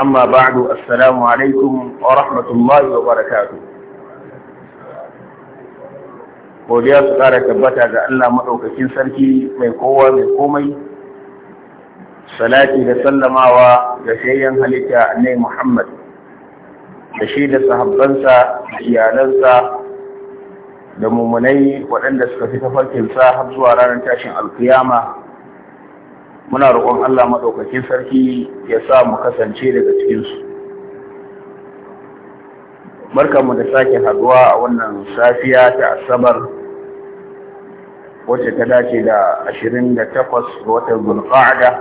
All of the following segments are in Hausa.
أما بعد السلام عليكم ورحمة الله وبركاته godiya su ƙara tabbata ga Allah maɗaukakin sarki mai kowa mai komai salati da sallamawa ga shayyan halitta annai Muhammad da shi da sahabbansa da iyalansa da mumunai waɗanda suka fi tafarkinsa har zuwa ranar tashin alkiyama muna roƙon Allah maɗaukakin sarki ya sa mu kasance daga cikinsu. Barkanmu da sake haduwa a wannan safiya ta Asabar wacce ta dace da 28 ga watan Zulqa'ada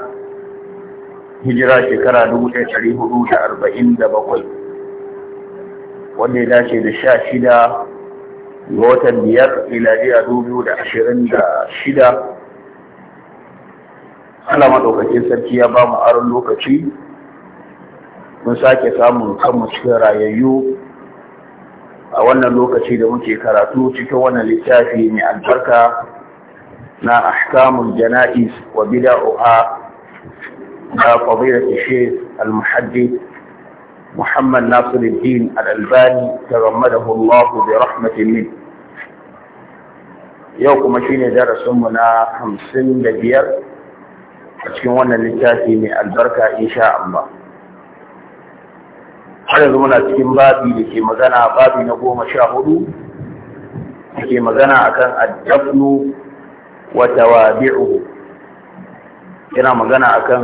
hijira shekara 1447 wanda ya dace da 16 ga watan biyar ila 2026 Allah maɗaukakin sarki ya ba mu aron lokaci mun sake samun kanmu cikin rayayyu a wannan lokaci da muke karatu cikin wannan littafi mai albarka na ahkamul jana'is wa bida'uha na fadilat shaykh al-muhaddith محمد ناصر الدين الألباني تغمده الله برحمة منه يوكم شيني درس منا خمسين لبير a cikin wannan littafi mai albarka sha Allah har yanzu muna cikin babi da ke magana babi na goma sha hudu da ke magana akan addabnu wa tawabi'uhu yana magana akan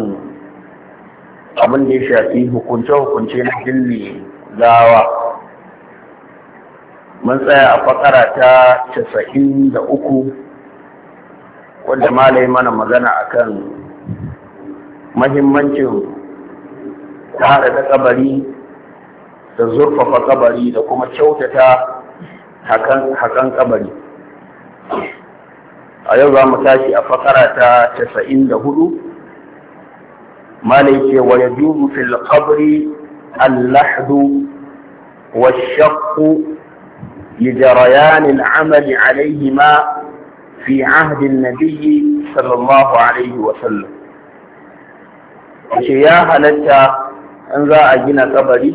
abin da ya shafi hukunce-hukunce na dilli gawa mun tsaya a fakara ta casa'in da uku wanda malai mana magana akan mahimmancin tare da kabari da zurfafa kabari da kuma kyautata hakan kabari a yau za mu tashi a fakara ta 94 malai ce wa yajubu fil qabri al-lahdu wa shaqqu لجريان العمل عليهما في عهد النبي صلى الله عليه وسلم ce ya halatta in za a gina kabari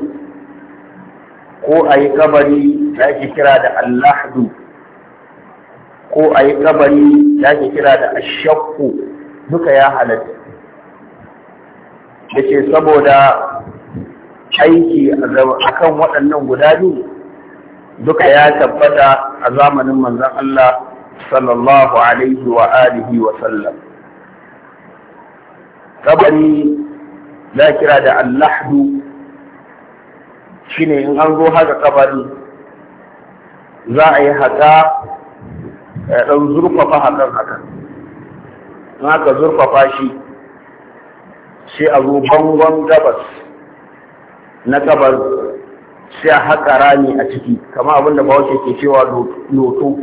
ko a yi kabari da ake kira da allahdu ko a yi kabari da ake kira da ashakku duka ya halatta da ce saboda aiki a kan waɗannan guda biyu duka ya tabbata a zamanin manzan Allah sallallahu alaihi wa alihi wa sallam kabari na kira da allahdu shine in an zo haka kabari za a yi haka ɗan zurfafa hakan haka in aka zurfafa shi sai a zo bangon gabas na kabar sai a haƙa rami a ciki kama abinda bawace ke cewa loto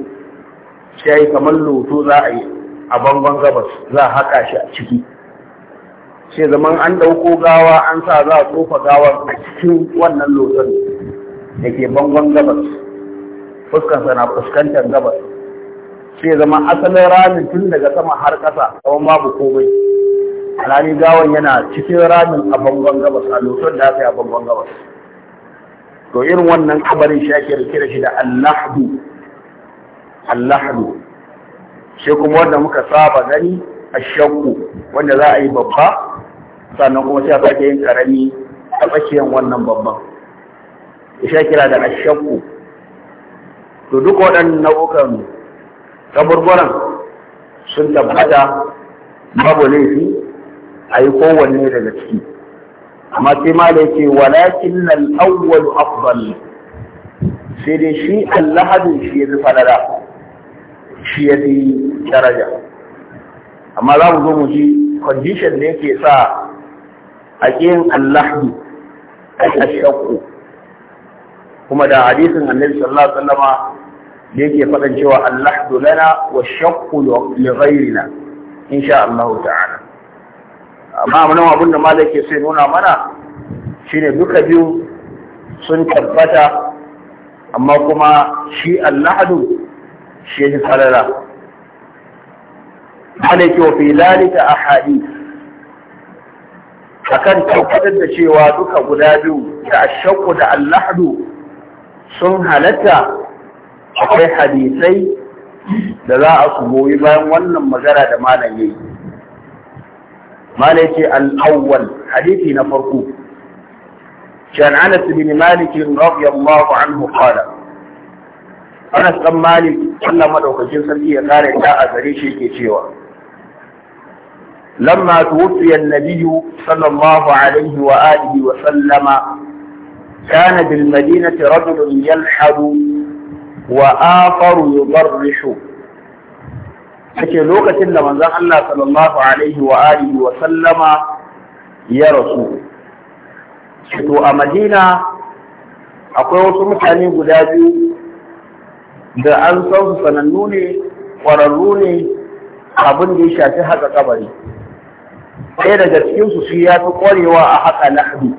sai kamar loto za a yi a bangon gabas za a haƙa shi a ciki sai zaman an ɗauko gawa an sa za a tsofa gawa a cikin wannan lotan da ke bangon gabas fuskansa na fuskantar gabas sai zaman asalin ramin tun daga sama har ƙasa tsawon babu komai alhali gawan yana cikin ramin a bangon gabas a lotan da aka yi a bangon gabas to irin wannan kabarin shi ake rike da shi da allahdu allahdu shi kuma wanda muka saba gani a ashakku wanda za a yi babba sannan kuma sai a sake yin karami a tsakiyar wannan babban ya kira da ashakku to duk waɗannan nau'ukan kaburburan sun tabbata babu laifi a yi kowanne daga ciki amma sai ma da yake walakin nan awwal afdal sai dai shi allahadin shi ya fi falala shi ya fi daraja amma za mu zo mu ji condition da yake sa a ƙiyin allahdi a kuma da hadisin annabi sallallahu alaihi wasallama da yake faɗan cewa allahdu lana wa shakku li ghairina insha Allah ta'ala amma mun abin ke sai nuna mana shine duka biyu sun tabbata amma kuma shi allahdu shi yake falala malai akan tabbatar da cewa duka guda biyu da ashaku da allahdu sun halatta akwai hadisai da za a goyi bayan wannan magana da malam yayi malai ce al hadisi na farko kan Anas bin Malik radiyallahu anhu qala Anas bin Malik Allah madaukakin sarki ya kare ta a gare shi yake cewa لما توفي النبي صلى الله عليه وآله وسلم كان بالمدينة رجل يلحد وآخر يضرح take lokacin da manzon Allah sallallahu alaihi wa alihi wa sallama ya rasu to a Madina akwai wasu mutane guda biyu da an san sanannu ne ƙwararru ne abin da ya shafi haka kabari ɗaya daga cikinsu shi ya fi ƙwarewa a haƙa lahdi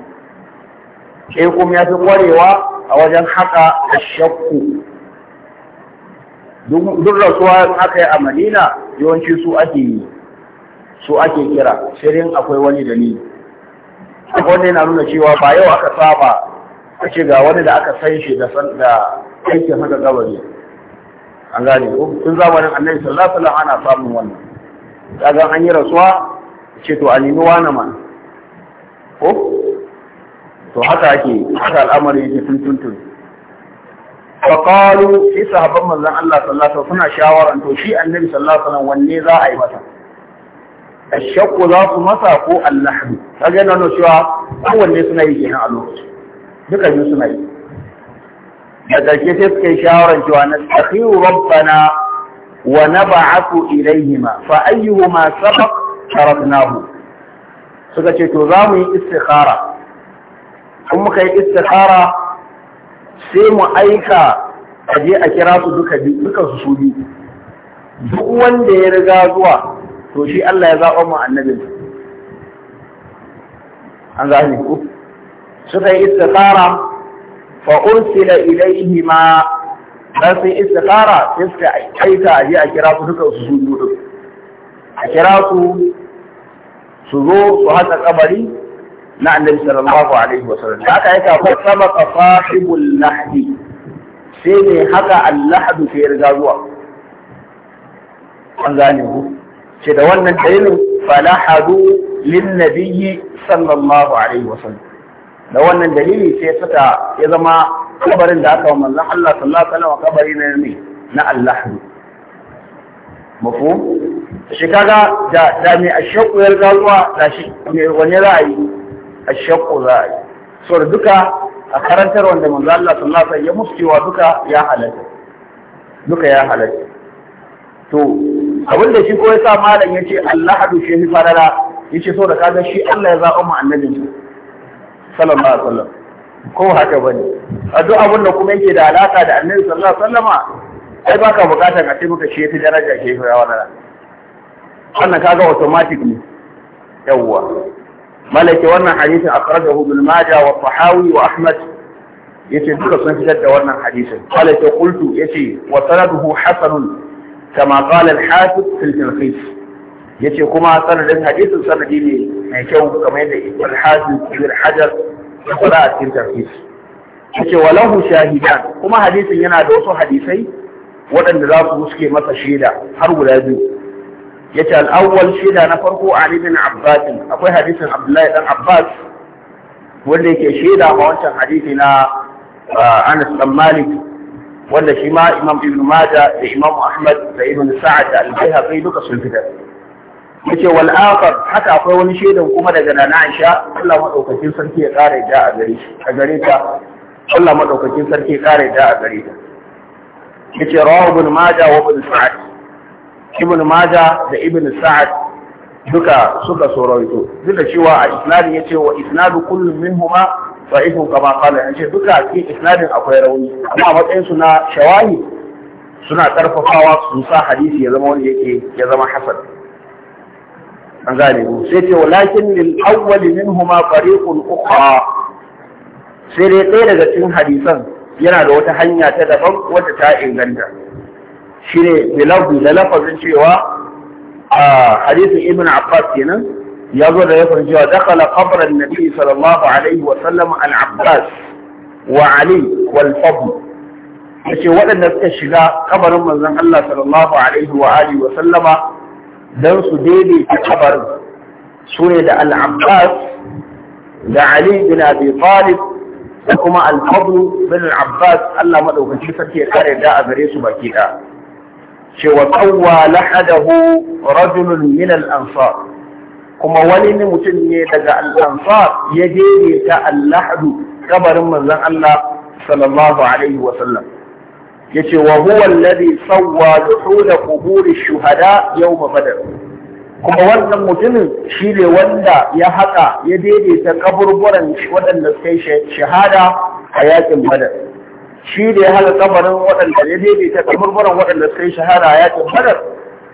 sai kuma ya fi ƙwarewa a wajen haƙa ashakku duk rasuwa aka yi a madina yawanci su ake yi su ake kira shirin akwai wani dalili wanda yana nuna cewa ba yau aka saba a ce ga wani da aka san shi da aikin haka gabari an gane ko tun zamanin annabi sallallahu alaihi wasallam ana samun wannan kaga an yi rasuwa ce to a nemi wani mana ko to haka ake haka al'amari yake tun tun tun faƙalu sai sahabban manzon Allah sallallahu alaihi suna shawaran to shi annabi sallallahu alaihi wanne za a yi masa ashakku za su masa ko allahdu kaga yana nuna cewa kowanne suna yi kenan a lokaci duka biyu suna yi da ƙarshe sai suka yi shawaran cewa na tsakiyu rabbana wa nab'athu ilayhima fa ayyuhuma sabaq sharatnahu suka ce to zamu yi istikhara in muka yi istikhara sai mu aika a je a kira su duka duka su su biyu duk wanda ya riga zuwa to shi Allah ya zaba mu annabi. an gane ku suka yi istikhara fa ursila ilayhima dan sun istikhara sai suka aika a je a kira su duka su su biyu a kira su su zo su haka kabari na annabi sallallahu alaihi wasallam da aka aika fa sabaka sahibul lahdi sai ne haka allahdu sai riga zuwa an gane ku ce da wannan dalilin falahadu lin nabiyyi sallallahu alaihi wasallam da wannan dalili sai suka ya zama kabarin da aka wa manzon Allah sallallahu alaihi wasallam kabari ne na allahdu mafu shi kaga da da mai ashaqqu ya zuwa da shi mai wani ra'ayi ashaqqu ra'ayi so da duka a karantar wanda manzo Allah sallallahu alaihi wasallam ya duka ya halatta duka ya halatta to abin da shi ko sa malam yace Allah hadu shi farara yace so da kaga shi Allah ya zaɓa mu annabin sallallahu alaihi wasallam ko haka bane a duk abin da kuma yake da alaka da annabi sallallahu alaihi wasallama ai ba ka bukatar a ce maka shi ta daraja ke fi rawa nara wannan kaga automatic ne yawwa malaki wannan hadisin akhrajahu ibn maja wa tahawi wa ahmad yace duka sun fitar da wannan hadisin malaki qultu yace wa sanaduhu hasanun kama qala al-hafiz fil tarhis yace kuma sanadin hadisin sanadi ne mai kyau kamar yadda al-hafiz ibn hajar ya fara cikin tarhis yace walahu shahidan kuma hadisin yana da wasu hadisai waɗanda za su suke masa shaida har guda biyu yace al-awwal shaida na farko Ali bin Abbas akwai hadisin Abdullahi dan Abbas wanda yake shaida ma wancan hadisi na ah, Anas dan Malik wanda shi ma Imam Ibn Majah da Imam Ahmad da Ibn Sa'ad da Al-Baihaqi duka sun fitar yace wal akhar haka akwai wani shaidan kuma daga Nana Aisha Allah madaukakin sarki ya kare da a a gare ta Allah madaukakin sarki ya kare da a gare ta yace rawahu ibn majah wa ibn sa'ad ibn majah da ibn sa'ad duka suka soraito duk da cewa a isnadin yace wa isnadu kullum minhuma da'ifun kama qala yace duka a cikin isnadin akwai rauni amma matsayin su na shawahi suna karfafawa su sa hadisi ya zama wanda yake ya zama hasan an gane ku sai ce walakin lil awwal minhuma fariqun ukhra sai dai ɗaya daga cikin hadisan yana da wata hanya ta daban wata ta inganta shi ne bilabu da lafazin cewa a hadisin ibn abbas kenan ya zo da lafazin cewa dakala qabran nabi sallallahu alaihi wa sallam al abbas wa ali wal fadl yace waɗanda suka shiga kabarin manzon Allah sallallahu alaihi wa alihi wa sallama dan su daidaita kabarin ne da al abbas da ali bin abi talib da kuma al bin abbas Allah madaukaki sarki ya kare da a gare su baki da cewa qawwa lahadahu rajulun min al-ansar kuma wani ne mutum ne daga al-ansar ya je ta al-lahadu kabarin manzon Allah sallallahu alaihi wa sallam yace wa huwa alladhi sawwa duhul qubur ash-shuhada yawm badr kuma wannan mutumin shi ne wanda ya haƙa ya daidaita kaburburan waɗanda suka shahada a yakin badar shi ne ya haƙa kabarin waɗanda ya daidaita kaburburan waɗanda suka shahada a yakin badar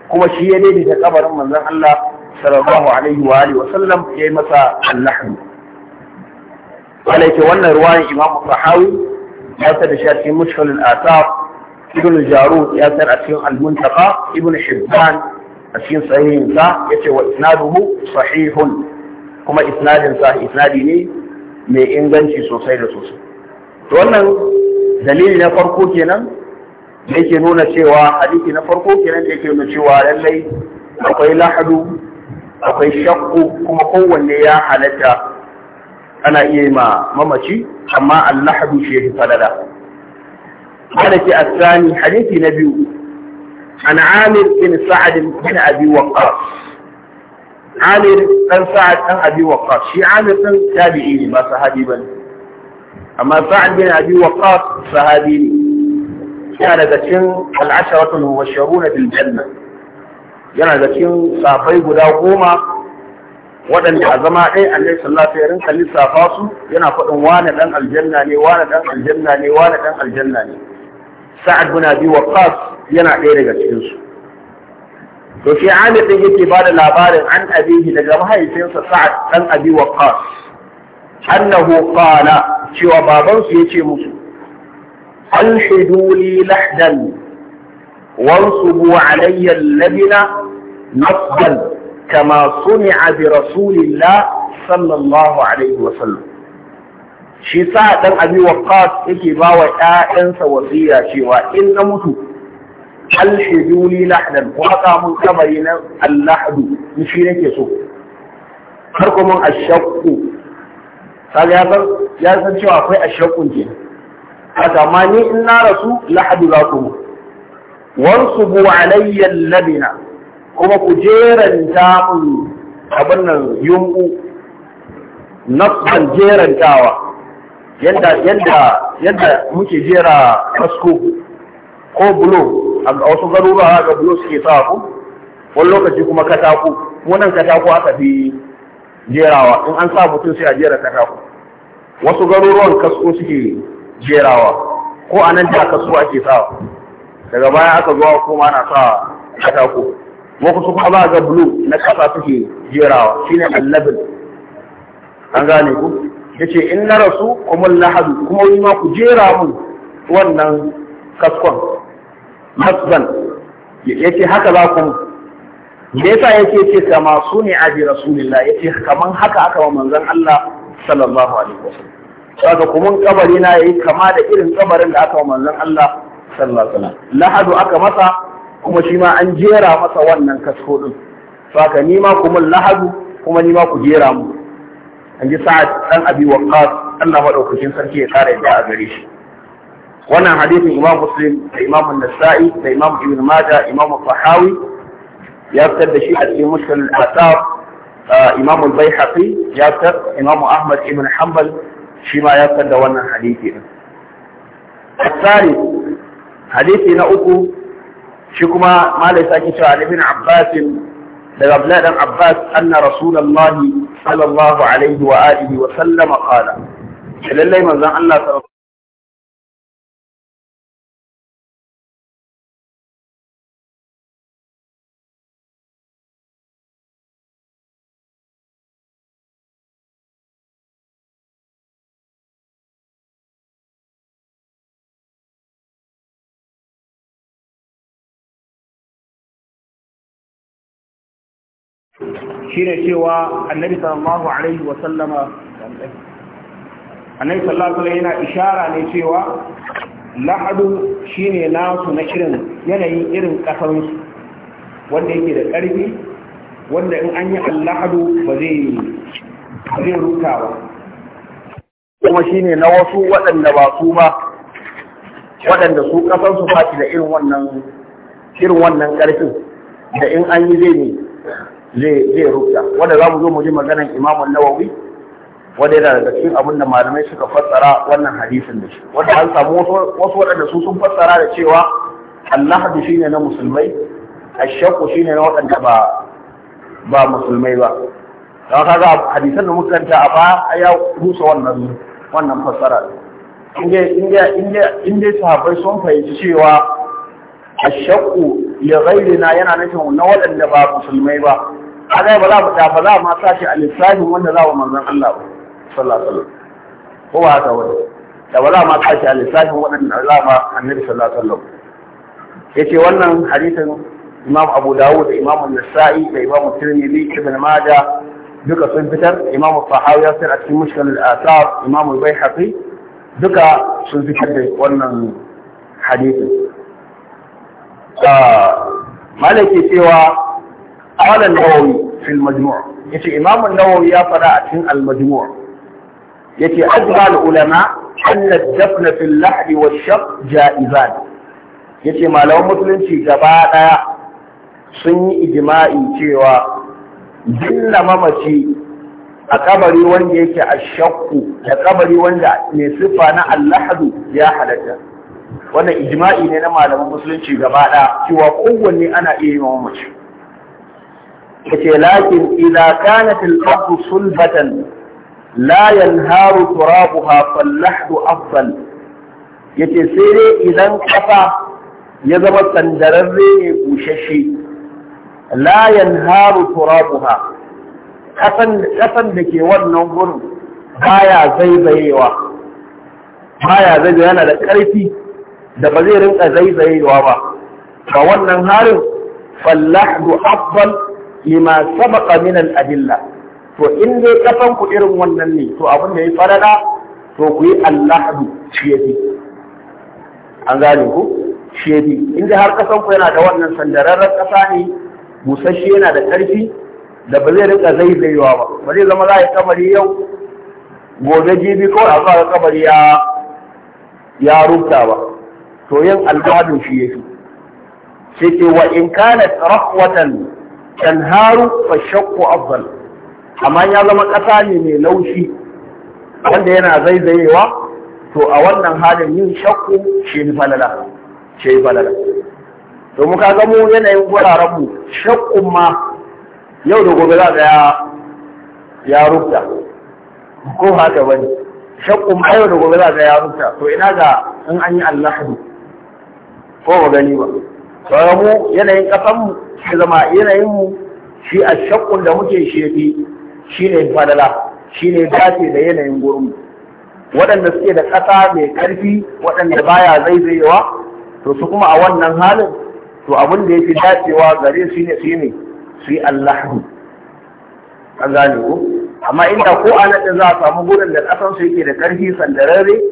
kuma shi ya daidaita kabarin manzon Allah sallallahu alaihi wa alihi wa sallam ya yi masa allahu alaike wannan ruwayan imam sahawi ya ta da shi mushkilul asaf ibn jarud ya a cikin al-muntaqa ibn hibban a cikin sahihinsa ya ce wa isnaduhu sahihun kuma isnadinsa isnadi ne mai inganci sosai da sosai to wannan dalili na farko kenan da yake nuna cewa hadisi na farko kenan da yake nuna cewa lallai akwai lahadu akwai shakku kuma kowanne ya halatta ana iya yi ma mamaci amma allahadu shi ya fi falala. a Asani hadisi na biyu an amir bin sa'ad bin abi waqqas amir dan sa'ad dan abi waqqas shi amir dan tabi'i ne ba sahabi bane amma sa'ad bin abi waqqas sahabi ne yana daga cikin al'asharatul mubashshiruna bil janna yana daga cikin safai guda goma waɗanda a zama ɗaya annabi sallallahu alaihi wasallam rinka yana faɗin wane ɗan aljanna ne wane ɗan aljanna ne sa'ad bin abi waqqas yana ɗaya daga cikin su to ɗin din yake ba da labarin an abihi daga mahaifinsa sa'ad dan abi waqqas annahu qala cewa babansu yace musu alhidu li lahdan wansubu alayya labina nasban kama sumi'a bi rasulillah sallallahu alaihi wa sallam shi sa dan abi waqqas yake ba wa ƴaƴansa wasiya cewa in na mutu alhiduli lahdan wa aqamun kabari na allahdu ni shi nake so har kuma ashaqu kaga ya san ya san cewa akwai ashaqun ke haka amma ni in na rasu lahadu za ku wansubu alayya labina kuma ku jeranta mun abin nan yunku nasban jerantawa yadda muke jera kasko ko bulo a wasu garuruwa ga bulo suke sa ku wani lokaci kuma katako wannan katako aka fi jerawa in an sa mutum sai a jera katako wasu garuruwan kasko suke jerawa ko a nan da kasko ake sa daga baya aka zuwa ma ana sa katako wasu su kuma ga bulo na kasa suke jerawa shine annabin an gane ku Ya ce in na rasu kuma lahadu kuma wani ma ku jera mun wannan kaskon masban ce haka za ku me yasa ya ce kama su ne abi rasulillah ce kaman haka aka wa manzon Allah sallallahu alaihi wasallam saka kuma kabari na yayi kama da irin kabarin da aka wa manzon Allah sallallahu alaihi wasallam lahadu aka masa kuma shi ma an jera masa wannan kasko din saka ni ma kuma lahadu kuma ni ma ku jera mu an ji sa'ad dan abi waqqas Allah madaukakin sarki ya kare da a gare shi wannan hadisin imam muslim da imam an-nasa'i da imam ibn majah imam al-tahawi ya fitar da shi a cikin mushkil al-asar uh, imam al-baihaqi ya fitar imam ahmad ibn hanbal shi ma ya fitar da wannan hadisi din الثالث حديثي نأكو شكما ما ليس كتاب ابن عباس لغبلاء عباس أن رسول الله sallallahu alaihi wa alihi wa sallama qala lallai manzon Allah shine cewa annabi sallallahu alaihi wa sallama annabi sallallahu alaihi yana ishara ne cewa lahadu shine nasu na shirin yanayin irin kasansu wanda yake da ƙarfi wanda in an yi lahadu ba zai ruta ba kuma shine na wasu waɗanda ba su ba waɗanda su kasansu fati da irin wannan irin wannan ƙarfin da in an yi zai ne zai rubuta wanda za mu zo mu ji maganar imamun nawawi wanda yana daga cikin abin da malamai suka fassara wannan hadisin da shi wanda an samu wasu waɗanda su sun fassara da cewa allahadu shine na musulmai ashakku shine na waɗanda ba ba musulmai ba don ga hadisan da muka kanta a baya ya rusa wannan wannan fassara in dai sahabbai sun fahimci cewa Ashaku. ya ghairina yana nufin na waɗanda ba musulmai ba a ga ba za mu tafa za ma sa shi a lissafin wanda za wa manzon Allah ba sallallahu alaihi wasallam ko ba haka wani da ba za ma sa shi a lissafin waɗanda za ma annabi sallallahu alaihi wasallam yace wannan hadisin Imam Abu Dawud da Imam Nasa'i da Imam Tirmidhi Ibn Majah duka sun fitar Imam Sahawi ya fitar a cikin Mushkil al-Athar Imam Al-Baihaqi duka sun fitar da wannan hadisin malaki cewa qala an-nawawi fi majmu yace imam an-nawawi ya fara a cikin al-majmu' yace ajma al-ulama أن الدفن wa اللحد والشق جائزان yace malaman musulunci gaba ɗaya sun yi ijma'i cewa binne mamaci a kabari wanda yake a shakku da kabari wanda mai siffa na allahadu ya halatta wannan ijma'i ne na malaman musulunci gaba ɗaya cewa kowanne ana iya yi wa mace yace lakin idza kanat al-ardu sulbatan la yanharu turabuha fal-lahdu afdal yace sai dai idan kasa ya zama sandararre ne bushashe la yanharu turabuha kasan kasan da ke wannan gurin baya zaizayewa baya zaizayewa yana da ƙarfi da ba zai rinka zaizayewa ba ba wannan harin fallahdu afdal lima sabaqa min al adilla to in dai kafan ku irin wannan ne to abin da yi farada to ku yi allahdu shi an gane ku shi in dai har kasan ku yana da wannan sandararren kasa ne busasshe yana da karfi da ba zai rinka zaizayewa ba ba zai zama za a yi kamari yau gobe jibi kawai a zuwa kamari ya ya rubuta ba to yin al'adun shi yake sai ke wa in kana rahwatan haru fa shaqqu afdal amma ya zama kasa ne mai laushi wanda yana zaizayewa to a wannan halin yin shakku shi falala shi falala to mu ka ga mu yanayin guraren mu shakkun ma yau da gobe za ya ya rubuta, ko haka bane shakkun ma yau da gobe za ya rubuta, to ina ga in an yi allahu ko ba gani ba sauran mu yanayin ƙasan mu shi zama yanayin mu shi a shakkun da muke shefi shi ne fadala shi ne dace da yanayin gurin waɗanda suke da ƙasa mai ƙarfi waɗanda baya zaizayewa to su kuma a wannan halin to abin da ya fi dacewa gare su ne su ne su yi Allah an gane ku amma inda ko a za a samu gurin da ƙasan su yake da ƙarfi sandararre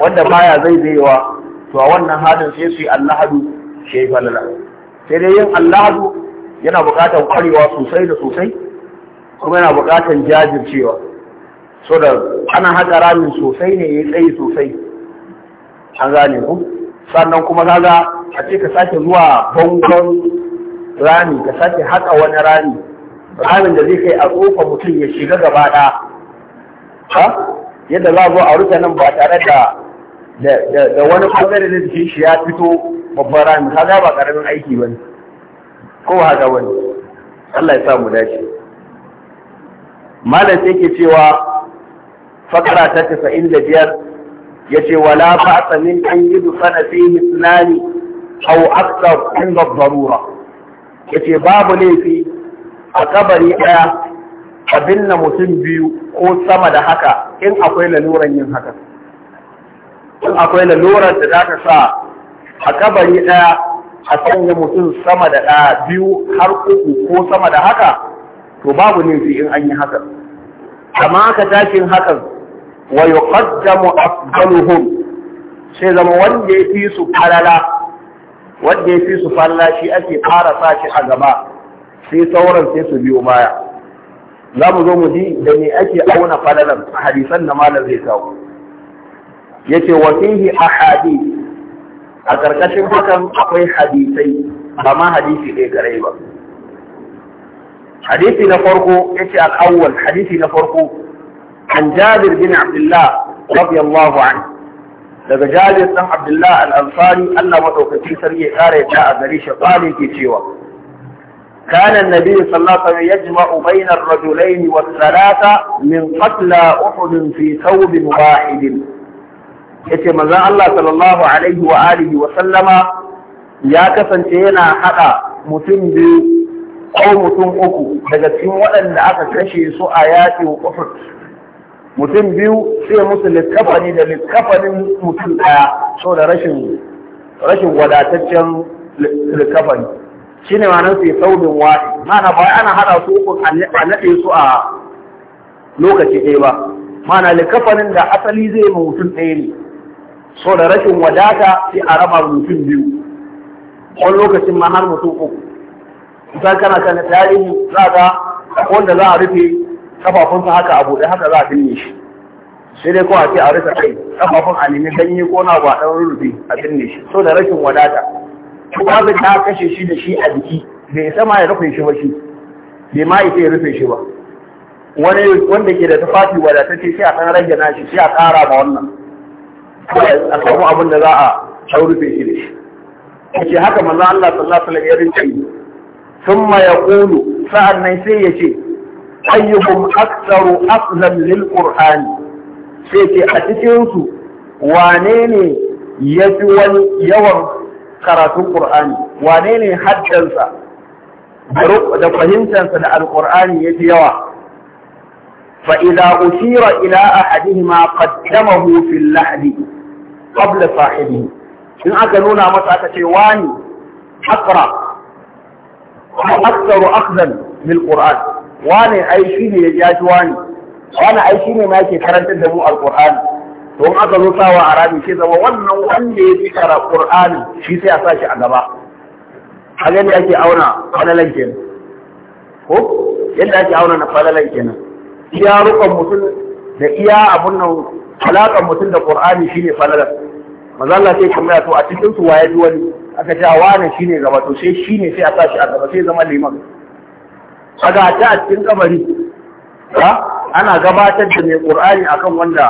wanda baya zaizayewa to a wannan halin sai su yi allahadu shi falala sai dai yin allahadu yana buƙatar kwarewa sosai da sosai kuma yana buƙatar jajircewa so da ana haƙa ramin sosai ne ya tsayi sosai an gane ku sannan kuma kaga a ce ka sake zuwa bangon rami ka sake haƙa wani rami ramin da zai kai a tsofa mutum ya shiga gaba ɗaya yadda za a zo a rufe nan ba tare da da wani ɓangare da jikin shi ya fito babban rami kaga ba ƙaramin aiki ba ne ko haka wani Allah ya samu dace malam sai ke cewa fakara ta tasa'in da biyar ya ce wala a an yi dufana fi mislani aw in ga zarura ya ce babu laifi a kabari ɗaya a binne mutum biyu ko sama da haka in akwai laluran yin haka in akwai lalurar da za ta sa a kabari ɗaya a sanya mutum sama da ɗaya biyu har uku ko sama da haka to babu laifi in an yi hakan amma aka tashin hakan wa yuqaddamu afdaluhum sai zama wanda ya fi su falala wanda ya fi su falala shi ake fara sa shi a gaba sai sauran sai su biyo baya za mu zo mu ji da me ake auna falalan a hadisan da malam zai kawo yace wasihi a ahadith a karkashin hakan akwai hadisai ba ma hadisi ɗaya gare ba hadisi na farko yace al-awwal hadisi na farko an Jabir bin Abdullah radiyallahu anhu daga Jabir dan Abdullah al-Ansari Allah madaukakin sarki ya kare ta a gari shi ke cewa كان النبي صلى الله عليه وسلم يجمع بين الرجلين والثلاثة من قتلى أحد في ثوب واحد yace manzon Allah sallallahu alaihi wa alihi wa sallama ya kasance yana hada mutum biyu ko mutum uku daga cikin waɗanda aka kashe su a yaƙin Uhud mutum biyu sai musu likkafani da likkafanin mutum ɗaya so da rashin rashin wadataccen likafani shi ne ma'anar sai saurin waɗi ma'ana ba ana haɗa su uku a naɗe su a lokaci ɗaya ba ma'ana likafanin da asali zai ma mutum ɗaya ne so da rashin wadata sai a raba mutum biyu wani lokacin ma har mutum uku idan kana kana tarihi za ga wanda za a rufe kafafunsa haka a buɗe haka za a binne shi sai dai kawai ce a rufe kai kafafun a nemi ganye ko na ba ɗan rufe a binne shi so da rashin wadata kuma ta kashe shi da shi a jiki bai isa ma ya rufe shi ba shi bai ma isa ya rufe shi ba wani wanda ke da tufafi wadatacce sai a kan rage nashi sai a ƙara ma wannan a samu abin da za a shaurufe shi da shi yace haka manzo Allah sallallahu alaihi wasallam ya rinka yi thumma yaqulu sai yace ayyuhum aktsaru aflan lil qur'an sai ce a cikin su wane ne yafi wani yawan karatun qur'ani wane ne haddansa da fahimtansa da alqur'ani yafi yawa fa idza usira ila ahadihima qaddamahu fil lahdi qabla sahibi in aka nuna masa aka ce wani akra wa aktsaru akhzan qur'an wani ai shine ya wani wani ai shine ma yake karantar da mu alqur'ani to in aka zo sawa a rabi sai zama wannan wanda ya fi kara qur'ani shi sai a sa shi a gaba a gani ake auna falalan kenan ko yadda ake auna na kenan mutum da iya abun nan mutum da qur'ani shine maza Allah sai tambaya to a cikin su waye wani aka ce wani shine gaba to sai shine sai a sa shi a gaba sai zama liman kaga ta a cikin kabari ha ana gabatar da mai qur'ani akan wanda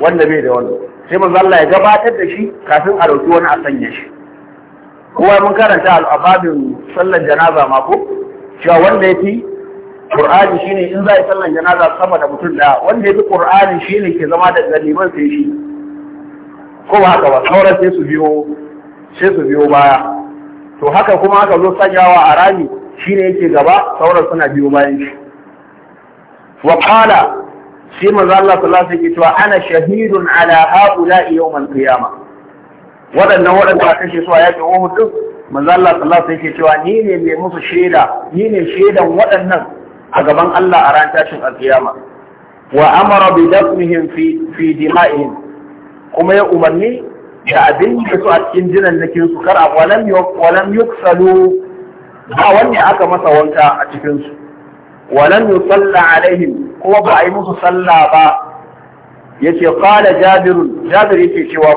wanda bai da wanda sai mazalla Allah ya gabatar da shi kafin a dauki wani a sanya shi kowa mun karanta al'ababin sallar janaza mako cewa wanda ya fi Qur'ani shine in za a yi sallar janaza sama da mutum ɗaya wanda ya fi Qur'ani shine ke zama da liman sai shi ko ba haka ba sauran sai su biyo sai su biyo baya to haka kuma aka zo sanyawa a rami shine yake gaba sauran suna biyo bayan shi wa qala shi manzo Allah sallallahu alaihi wasallam cewa ana shahidun ala haula yawmal qiyama wadannan wadanda aka kashe su a yake Uhud din manzo Allah sallallahu alaihi wasallam cewa ni ne mai musu shaida ni ne shaidan waɗannan a gaban Allah a ran tashin alkiyama wa amara bi dafnihim fi fi dima'ihim kuma ya umarni da abin da su a cikin jinan nakin su kar a walam walam yuksalu ba wanne aka masa wanka a cikin su walam yusalla alaihim kuma ba a yi musu sallah ba yace qala jabir jabir yace cewa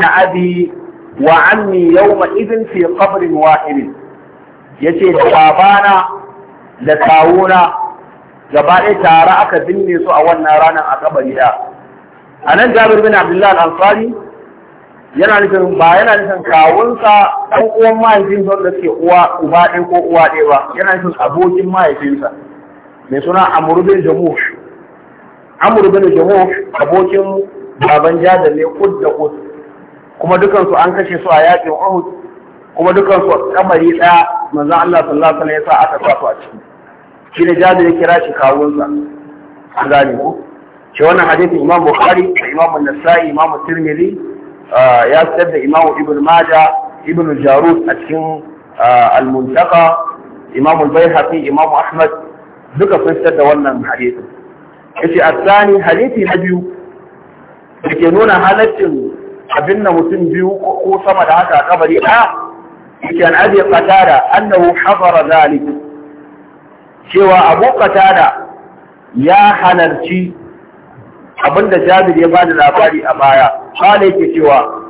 na abi wa anni yawma idin fi qabrin wahid yace da babana da kawuna gaba ɗaya tare aka binne su a wannan ranar a kabari da a nan jabir bin abdullahi al-ansari yana nufin ba yana nufin kawunsa ɗan uwan mahaifinsa wanda suke uwa uba ɗaya ko uwa ɗaya ba yana nufin abokin mahaifinsa mai suna amuru bin Jamus. amuru bin jamuh abokin baban jada ne kud da kud kuma dukansu an kashe su a yakin uhud kuma dukansu kamari ɗaya manzan Allah sallallahu alaihi wasallam ya sa aka sa su a ciki shi ne jada ya kira shi kawunsa an gane ko shi wannan hadisin imam bukhari da imam nasai imam tirmidhi uh, ya fitar da imam ibn maja ibn jarud a cikin uh, al-muntaka imam al-baihaqi imam ahmad duka sun fitar da wannan hadisin yace asani hadisi na biyu dake nuna halaccin abin mutum biyu ko sama da haka kabari a yake an abi qatada annahu hadara zalik cewa abu qatada ya halarci Abin da Jabir ya bada labari a baya kana yake cewa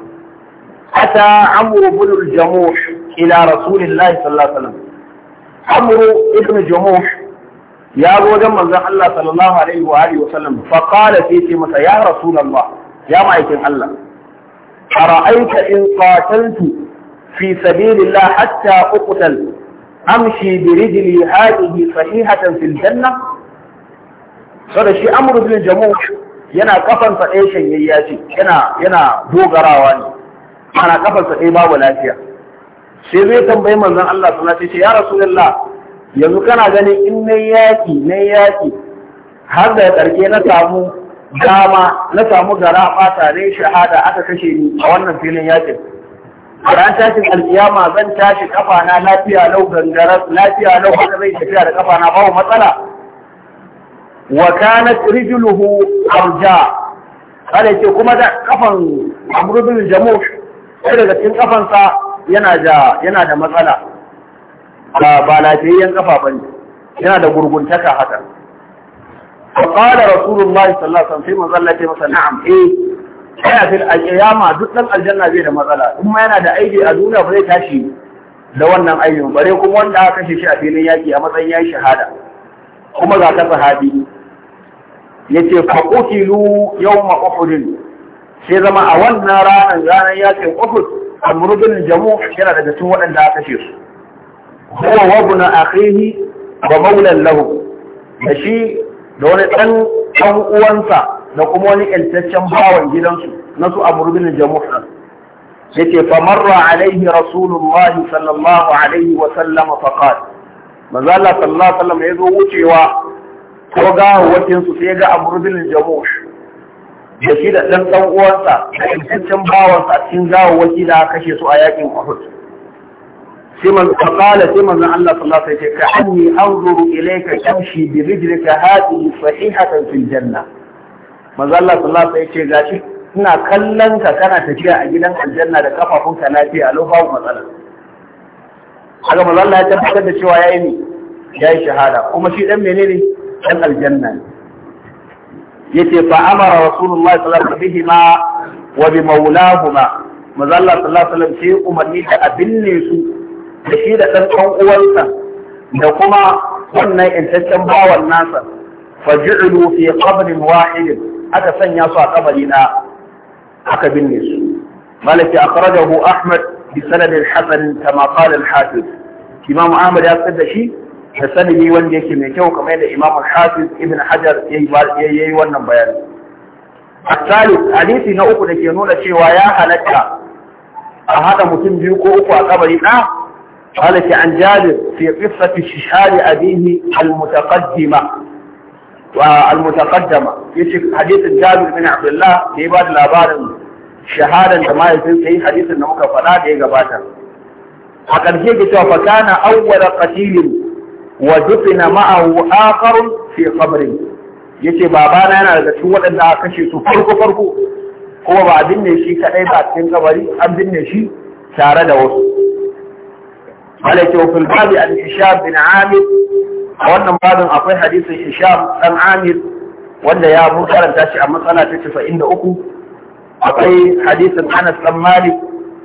ata amru ibn al-jamuh ila rasulillahi sallallahu alaihi wasallam amru ibn jamuh ya zo wajen manzon Allah sallallahu alaihi wa alihi wasallam fa qala sai ce masa ya rasulullah ya ma'aikin Allah ara'aita in qataltu في سبيل الله حتى أقتل أمشي برجلي هذه صحيحة في الجنة هذا shi أمر بن Jamuh. yana kafansa ɗaya shanyayya ce yana yana dogarawa ne ana kafansa ɗaya babu lafiya sai zai tambayi manzon Allah sallallahu alaihi ce ya rasulullah yanzu kana ganin in nayi yaki nayi yaki har da karke na samu dama na samu gara fata ne shahada aka kashe ni a wannan filin yakin ran tashin alkiyama zan tashi kafa na lafiya lau gangaras lafiya lau haka zai tafiya da kafa na babu matsala wa kanat rijluhu arja kada yake kuma da kafan Amr bin kada sai daga cikin yana da yana da matsala ba ba lafiyayyen kafa bane yana da gurguntaka haka فقال رسول الله صلى الله عليه sai في مظلة مثلا نعم ايه yana fil alƙiyama duk dan aljanna zai da matsala kuma yana da aidi a duniya ba zai tashi da wannan aibin bare kuma wanda aka kashe shi a filin yaki a matsayin yayi shahada kuma ga ta sahabi yace fa qutilu yawma uhud sai zama a wannan ranar ranar yakin uhud a bin jamu yana daga cikin waɗanda aka kashe su huwa wa ibn akhihi wa mawlan lahu da shi da wani dan dan uwansa da kuma wani iltaccen bawan gidansu na su amru bin jamu yace fa marra alaihi rasulullahi sallallahu alaihi wa sallama fa qala manzo Allah sallallahu alaihi wa sallam yazo wucewa ko gawawakin su sai ga amurbin Jamus. da shi da ɗan ɗan uwansa da intaccen bawansa a cikin gawawaki da kashe su a yakin uhud sai man qala sai manzon Allah sallallahu alaihi ce, ka an anni anzuru da tamshi bi haɗi hadhihi sahihatan fil janna manzon Allah sallallahu alaihi wasallam ya ce gashi ina kallon ka kana tafiya a gidan aljanna da kafafunka lafiya a babu matsala haka manzon Allah ya tabbatar da cewa yi ne yi shahada kuma shi ɗan menene ɗan aljanna ne yace fa amara rasulullahi sallallahu alaihi bihima wa bi maulahuma manzo sallallahu alaihi sai umarni da abinne su da shi da ɗan ɗan uwansa da kuma wannan intaccen bawan nasa faji'lu fi qabrin wahid aka sanya su a kabari na aka binne su malaki akhrajahu ahmad bi sanadin hasan kama qala al-hafiz imam ahmad ya tsada shi da sanadi wanda yake mai kyau kamar yadda Imam Hafiz Ibn Hajar yayi wannan bayani الثالث حديثي نأكل لكي نولا شيء ويا هلكا هذا متن بيوكو أكو أقبل قالت عن جابر في قصة ششال أبيه المتقدمة والمتقدمة يشك حديث جابر بن عبد الله في بعد الأبار شهادة كما يزن في حديث النموك فلا دي قباتا وقد هيك فكان أول قتيل wa dufina ma'ahu akharun fi qabri yace babana yana daga cikin waɗanda aka kashe su farko farko kuma ba a binne shi kadai ba cikin kabari an binne shi tare da wasu malaki wa fil babi an bin amir wannan babin akwai hadisin Ishab dan amir wanda ya bu karanta shi a matsala ta 93 akwai hadisin anas dan malik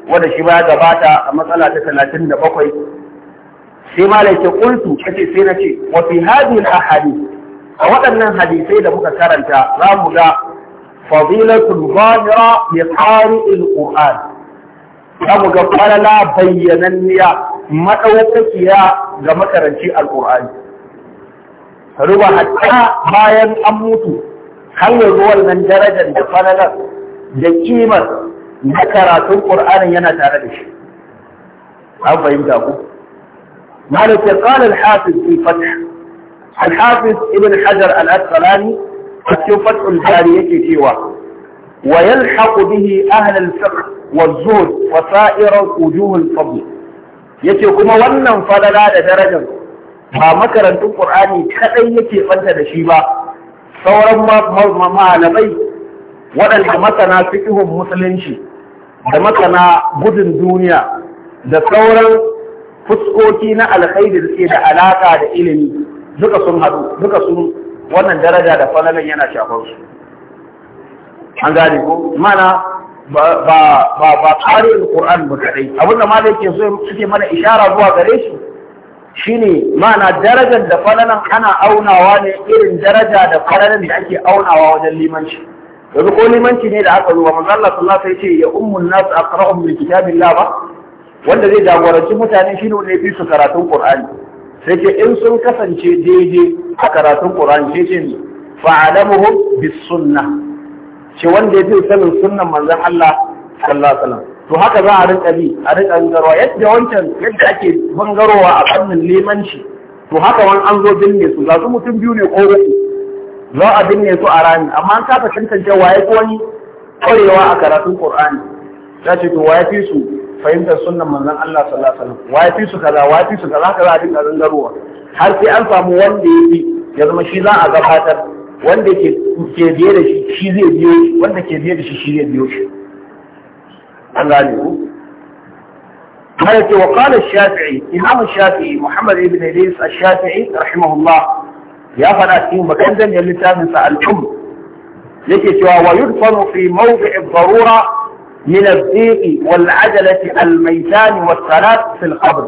wanda shi ba gabata a matsala ta 37 sai malai ce qultu ce sai na ce wafi na a ahadith a waɗannan hadisai da muka karanta za mu ga fadilatul zahira li qari'il qur'an za mu ga falala bayyananniya madaukakiya ga makaranci alqur'ani ruba hatta bayan an mutu hanyar yanzu wannan darajar da falalar da kimar na karatun qur'anin yana tare da shi an fahimta ku مالك قال الحافظ في الفتح الحافظ ابن حجر الأسقلاني في فتح الجارية تيوى ويلحق به أهل الفقه والزهد وسائر وجوه الفضل yace kuma wannan falala da darajar ba makarantun Qur'ani kaɗai yake fanta da shi ba sauran malamai waɗanda masana fiqhun musulunci da masana gudun duniya da sauran fuskoki na alkhairi suke da alaka da ilimi duka sun haɗu duka sun wannan daraja da falalan yana shafar su an gane ko mana ba ba ba kare alquran ba kadai abinda ma da yake so suke mana ishara zuwa gare shi shine mana darajar da falalan ana aunawa ne irin daraja da falalan da ake aunawa wajen limanci yanzu ko limanci ne da aka zo ba manzo Allah sallallahu alaihi wasallam ya ce ya ummun nas aqra'uhum li kitabillah ba wanda zai jagoranci mutane shi wanda ya fi su karatun Qur'ani sai ce in sun kasance daidai a karatun Qur'ani sai ce ni bis sunnah ce wanda ya fi sanin sunnan manzon Allah sallallahu alaihi wasallam to haka za a rinka bi a rinka gangarwa yadda wancan yadda ake bangarowa a fannin limanci to haka wani an zo binne su za su mutum biyu ne ko uku za a binne su a rami amma an kafa tantance waye ko wani kwarewa a karatun Qur'ani ta ce to waye fi su fahimtar sunnan manzon Allah sallallahu alaihi wasallam wai fi su kaza wai fi su kaza kaza a dinga zangarowa har sai an samu wanda ya ya zama shi za a gabatar wanda ke ke biye da shi shi zai biyo shi wanda ke biye da shi shi zai biyo shi an gane ku har yake wa qala shafi'i imam shafi'i muhammad ibn idris ash-shafi'i rahimahullah ya fada cikin bakan dan littafin sa al-hum yake cewa wa yudfanu fi mawdi'i ad-darura min al-dhiqi wal ajalati al-maitan wa salat fil qabr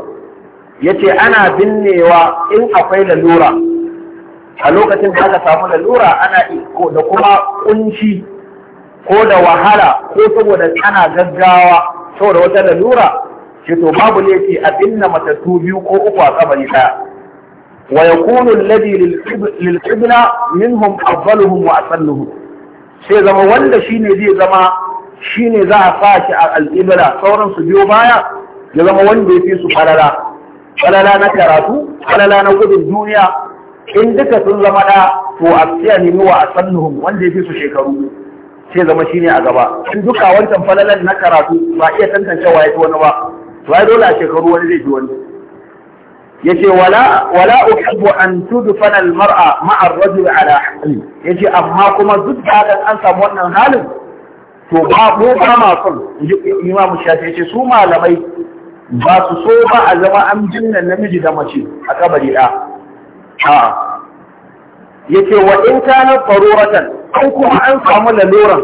yace ana binnewa in akwai lalura a lokacin da aka samu lalura ana ko da kuma kunci ko da wahala ko saboda ana gaggawa saboda wata lalura ce to babu laifi a binne matattu biyu ko uku a kabari Ladi wa yakunu alladhi lil qibla minhum afdaluhum wa asalluhum sai zama wanda shine zai zama shi ne za a sa shi a alƙibla sauran su biyo baya ya zama wanda ya fi su falala falala na karatu falala na gudun duniya in duka sun zama da to a siya nemi wa a sannuhum wanda ya fi su shekaru sai zama shi ne a gaba in duka wancan falalan na karatu ba iya tantance wa ya fi wani ba to ai dole a shekaru wani zai fi wani Ya ce, wala wala uhibbu an tudfana al-mar'a ma'a ar-rajul ala hali yace amma kuma duk da an samu wannan halin to ba mu ba ma son imamu shafi ce su malamai ba su so ba a zama an jinnan namiji da mace a kabari da a yace wa in kana daruratan ko kuma an samu laluran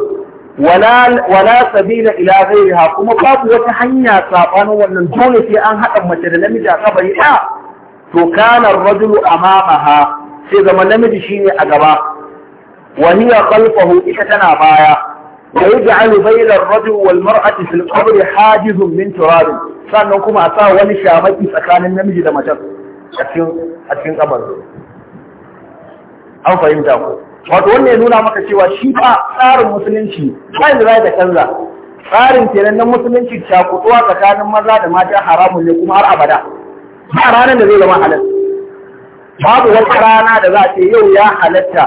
wala wala sabila ila ghayriha kuma babu wata hanya sabanin wannan dole sai an haɗa mace da namiji a kabari da to kana ar-rajulu amamaha sai zama namiji shine a gaba wa hiya khalfahu ita tana baya ويجعل بين الرجل والمرأة في القبر حاجز من sannan kuma a sa wani shamaki tsakanin namiji da mace a cikin kabar an fahimta ko wato wannan ya nuna maka cewa shi ba tsarin musulunci ba da za ta canza tsarin kenan musulunci cakutuwa tsakanin maza da mata haramun ne kuma har abada ba ranar da zai zama halal babu wata rana da za a yau ya halatta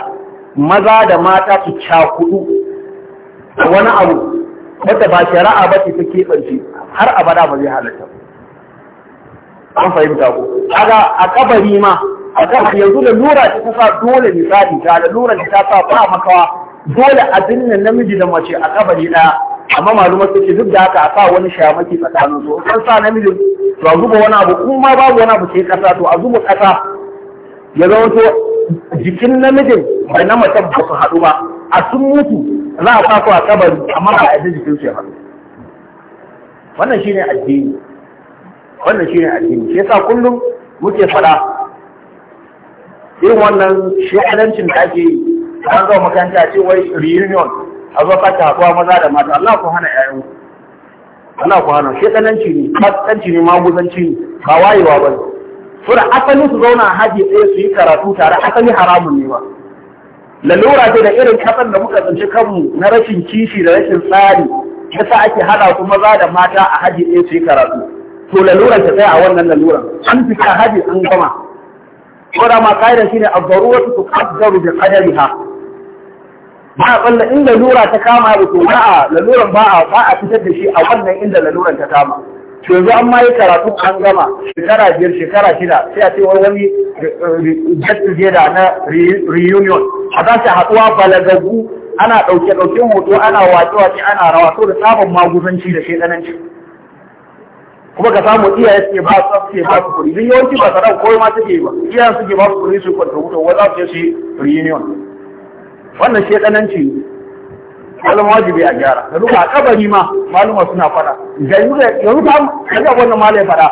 maza da mata su cakudu wani abu wata ba shari'a ba ce ta keɓance har abada ba zai halatta an fahimta ko kaga a kabari ma a kan yanzu da lura ta kusa dole misali ta da lura ta sa ba makawa dole a dinna namiji da mace a kabari ɗaya amma maluma su ce duk da haka a sa wani shamaki tsakanin su kan sa namijin to a zuba wani abu kuma babu wani abu sai kasa to a zuba kasa ya zama to jikin namijin bai na mace ba su haɗu ba a sun mutu za a sa a kabari amma a yadda jikin su ya faru wannan ne addini wannan shi ne addini shi yasa kullum muke fada irin wannan shi'adancin da ake yi an zo makaranta ce wai reunion a zo sake haɗuwa maza da mata Allah ku hana ƴaƴan Allah ku hana shi'adanci ne matsanci ne maguzanci ne ba wayewa ba ne suna asali su zauna a haji ɗaya su yi karatu tare asali haramun ne ba lalura ce da irin kasan da muka tsinci kanmu na rashin kishi da rashin tsari ya yasa ake hada su maza da mata a haji ɗaya su yi karatu to laluran ta tsaya a wannan laluran an fita haji an gama ko da ma ƙa'idar shine ad-daruratu tuqaddaru bi qadariha ba a tsalla in lalura ta kama da to ba a laluran ba a ba a fitar da shi a wannan inda laluran ta kama to yanzu an ma yi karatu an gama shekara biyar shekara shida sai a ce wani get together na reunion a za su haɗuwa balagagu ana ɗauke ɗauke hoto ana wace wace ana rawa to da sabon maguzanci da shekananci kuma ka samu iyaye suke ba su suke ba su kuɗi yawanci ba sarar kowa ma suke ba iyaye suke ba su kuɗi su kwanta wuta wa za su je su reunion wannan shekananci malam wajibi a gyara da ruka kabari ma maluma suna fada ga ruka kaga wannan malai fada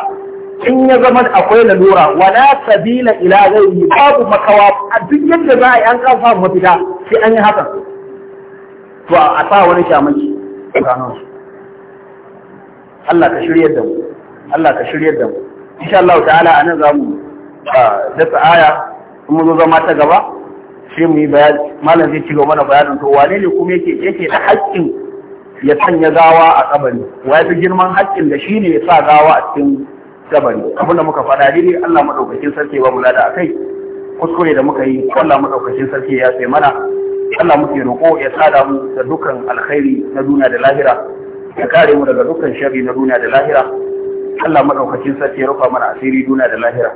in ya zama akwai lalura wala sabila ila ghairi babu makawa a duk yadda za a yi an kafa mafita sai an yi haka to a sa wani shamaki tsakanin su Allah ka shirya da mu Allah ka shirya da mu insha Allah ta'ala anan zamu dasa aya kuma zo zama ta gaba sai mu yi bayani malam zai ci mana bayanin to wane ne kuma yake yake da haƙƙin ya sanya gawa a kabari wai fi girman haƙƙin da shi ne ya sa gawa a cikin kabari abin da muka faɗa dai Allah madaukakin sarki ba mu lada akai kuskure da muka yi Allah madaukakin sarki ya sai mana Allah muke roƙo ya sada mu da dukkan alkhairi na duniya da lahira ya kare mu daga dukkan sharri na duniya da lahira Allah madaukakin sarki ya rufa mana asiri duniya da lahira.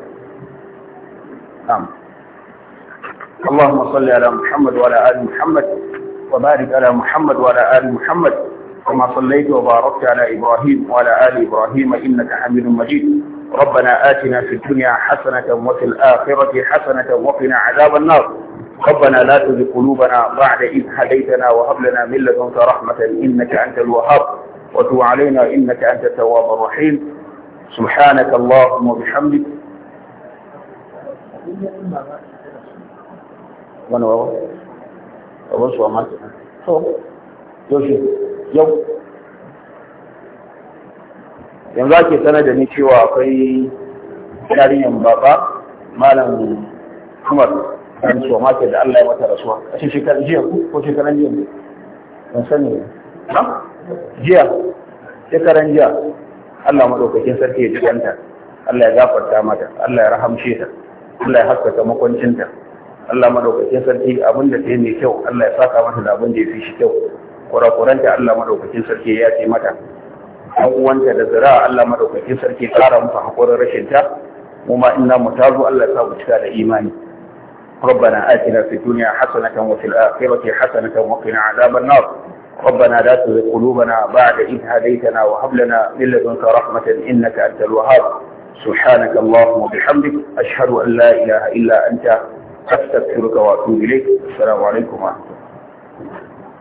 Amin. اللهم صل على محمد وعلى آل محمد وبارك على محمد وعلى آل محمد كما صليت وباركت على إبراهيم وعلى آل إبراهيم إنك حميد مجيد ربنا آتنا في الدنيا حسنة وفي الآخرة حسنة وقنا عذاب النار ربنا لا تزغ قلوبنا بعد إذ هديتنا وهب لنا من لدنك رحمة إنك أنت الوهاب وتو علينا إنك أنت التواب الرحيم سبحانك اللهم وبحمدك wani wawa wawan su amma ke to yaushe yau yanzu ake sanar da ni cewa akwai tarihin baba malam kumar kan su amma da Allah ya mata rasuwa a cikin shekaran jiya ku ko shekaran jiya ne ban sani ha jiya shekaran jiya Allah maɗaukakin sarki ya ji kanta Allah ya gafarta mata Allah ya rahamshe ta Allah ya haskaka makwancinta Allah madaukakin sarki abin da ta mai kyau Allah ya saka mata da abin da ya fi shi kyau kurakuranta Allah madaukakin sarki ya ce mata an uwanta da zira Allah madaukakin sarki kara musu hakurin rashin ta mu ma inna mutazu Allah ya sa mu cika da imani ربنا آتنا في الدنيا حسنة وفي الآخرة حسنة وقنا عذاب النار ربنا لا تزغ قلوبنا بعد إذ هديتنا وهب لنا من لدنك رحمة إنك أنت الوهاب سبحانك اللهم وبحمدك أشهد أن لا إله إلا أنت tattattunka wato gile, salamu alaikum wa